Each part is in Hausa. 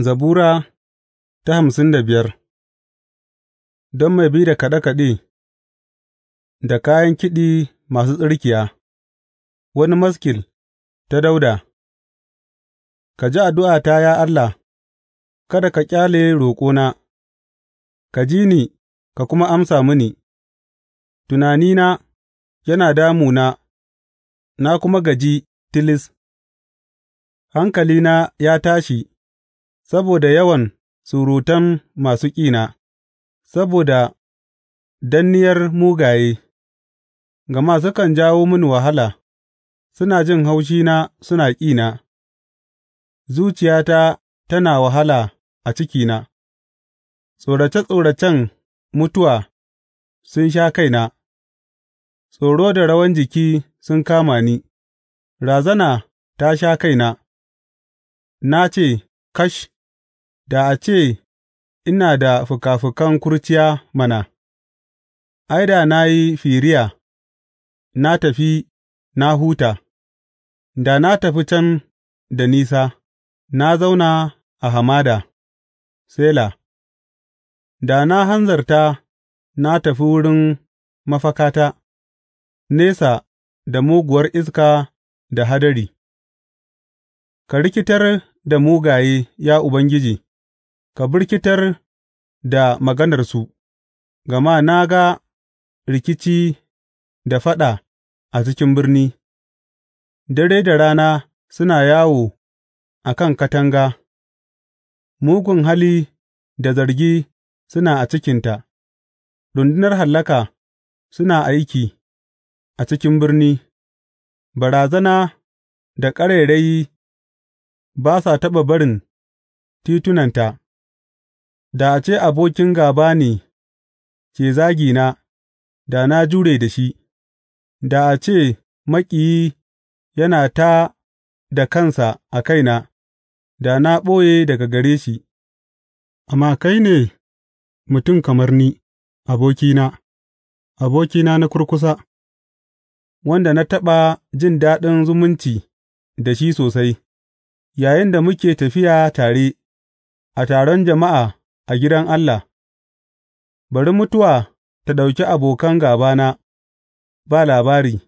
Zabura ta hamsin da biyar Don mai bi da kaɗe kaɗe da kayan kiɗi masu tsirkiya, wani maskil ta Dauda. Ka ji ta ya Allah, kada ka ƙyale roƙona; ka ji ni ka kuma amsa mini, tunanina yana damuna na kuma gaji tilis, hankalina ya tashi. saboda yawan surutan masu ƙina, saboda danniyar mugaye, gama sukan jawo mini wahala, suna jin haushina suna ƙina, zuciyata tana wahala a cikina, tsorace tsoracen mutuwa sun sha kaina, tsoro da rawan jiki sun kama ni, razana ta sha kaina, na ce, Kash! Da a ce ina da fikafikan kurciya mana, ai, da na yi firiya na tafi na huta, da na tafi can da nisa, na zauna a hamada, Sela, da na hanzarta na tafi wurin mafakata, nesa da muguwar iska da hadari, ka rikitar da mugaye, ya Ubangiji. ka birkitar da maganarsu, gama na ga rikici da faɗa a cikin birni, dare da rana suna yawo a kan katanga, mugun hali da zargi suna a cikinta, rundunar hallaka suna aiki a cikin birni, barazana da ƙarairayi ba sa taɓa barin titunanta. Da a ce abokin gāba ne ke zagina, da na jure da shi; da a ce maƙiyi yana ta da kansa a kaina, da na ɓoye daga gare shi; amma kai ne mutum kamar ni, abokina, abokina na kurkusa, wanda na taɓa jin daɗin zumunci da shi sosai, Yayin da muke tafiya tare a taron jama'a. a gidan Allah; bari mutuwa ta ɗauki abokan gābana ba labari,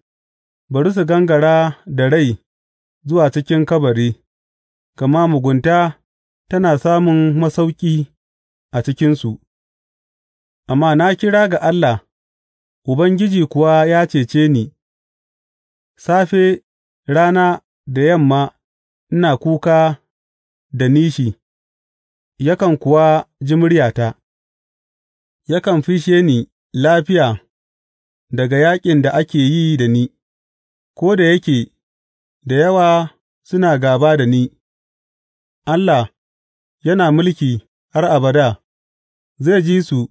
bari su gangara da rai zuwa cikin kabari, gama mugunta tana samun masauƙi a cikinsu, amma na kira ga Allah, Ubangiji kuwa ya cece ni; safe, rana da yamma ina kuka da nishi. yakan kuwa ji muryata; yakan fishe ni lafiya daga yaƙin da ake yi da ni, ko da yake da yawa suna gaba da ni, Allah yana mulki har abada, zai ji su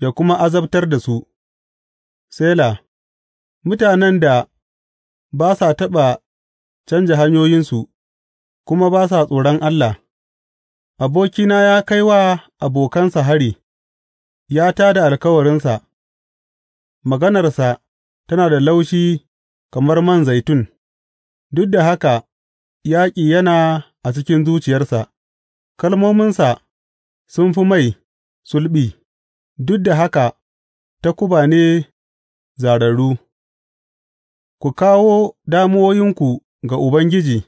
ya kuma azabtar da su, Sela mutanen da ba sa taɓa canja hanyoyinsu kuma ba sa tsoron Allah. Abokina ya kai wa abokansa hari; ya tā da alkawarinsa, maganarsa tana da laushi kamar man zaitun, duk da haka yaƙi yana a cikin zuciyarsa; kalmominsa sun fi mai sulɓi, duk da haka takuba ne zārarru Ku kawo damuwoyinku ga Ubangiji,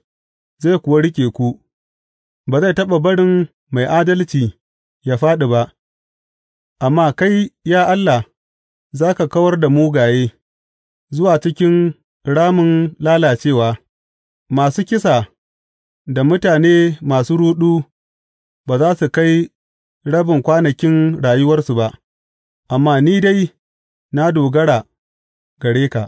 zai kuwa riƙe ku. ba zai taɓa barin mai adalci ya fāɗi ba, amma kai, ya Allah, za ka kawar da mugaye zuwa cikin ramin lalacewa, masu kisa da mutane masu ruɗu ba za su kai rabin kwanakin rayuwarsu ba, amma ni dai na dogara gare ka.